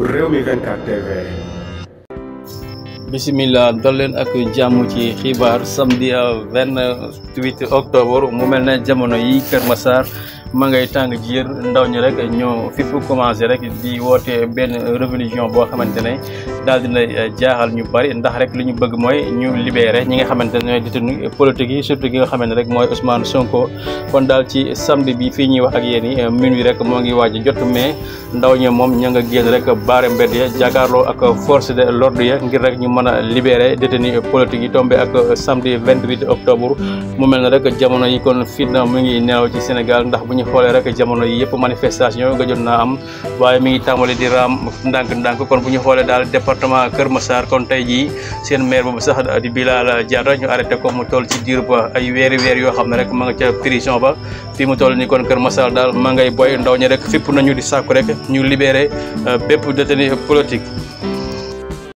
Rewmi 24 TV. ak jàmm ci xibaar samedi 28 octobre mu mel ne jamono yi Kër Massar. ma ngay e tàng jiir ndaw ñi rek ñoo fipp commencé rek di woote benn revolution boo xamante ne daal dina eh, jaaxal ñu bari ndax rek li ñu bëgg mooy ñu libéré ñi nga xamante ne ñooy détenu politique yi surtout ki nga xamante rek mooy Ousmane Sonko kon daal ci samedi bi fii ñuy wax ak yéen yi eh, minuit rek moo ngi waaj jot mais ndaw ñi moom ña nga génn rek baare mbedd ya jàkkaarloo ak force de l'ordre ya ngir rek ñu mën a libéré détenu politique yi tombé ak samedi 28 octobre mu mel ne rek jamono yi kon fitna mu ngi neew ci Sénégal ndax bu ñu xoolee rek jamono yi yëpp manifestation nga jot naa am waaye mi ngi tàmbali di raam ndànk kon bu ñu xoolee daal département Kër Massar kon tey jii seen maire boobu sax di Bilal Diatta ñu arrêté ko mu toll ci diir ba ay weeri weer yoo xam ne rek ma nga ca prison ba fii mu toll ni kon Kër Massar daal ma ngay boy ndaw ñi rek fipp nañu di sàkku rek ñu libéré euh, bépp détenu politique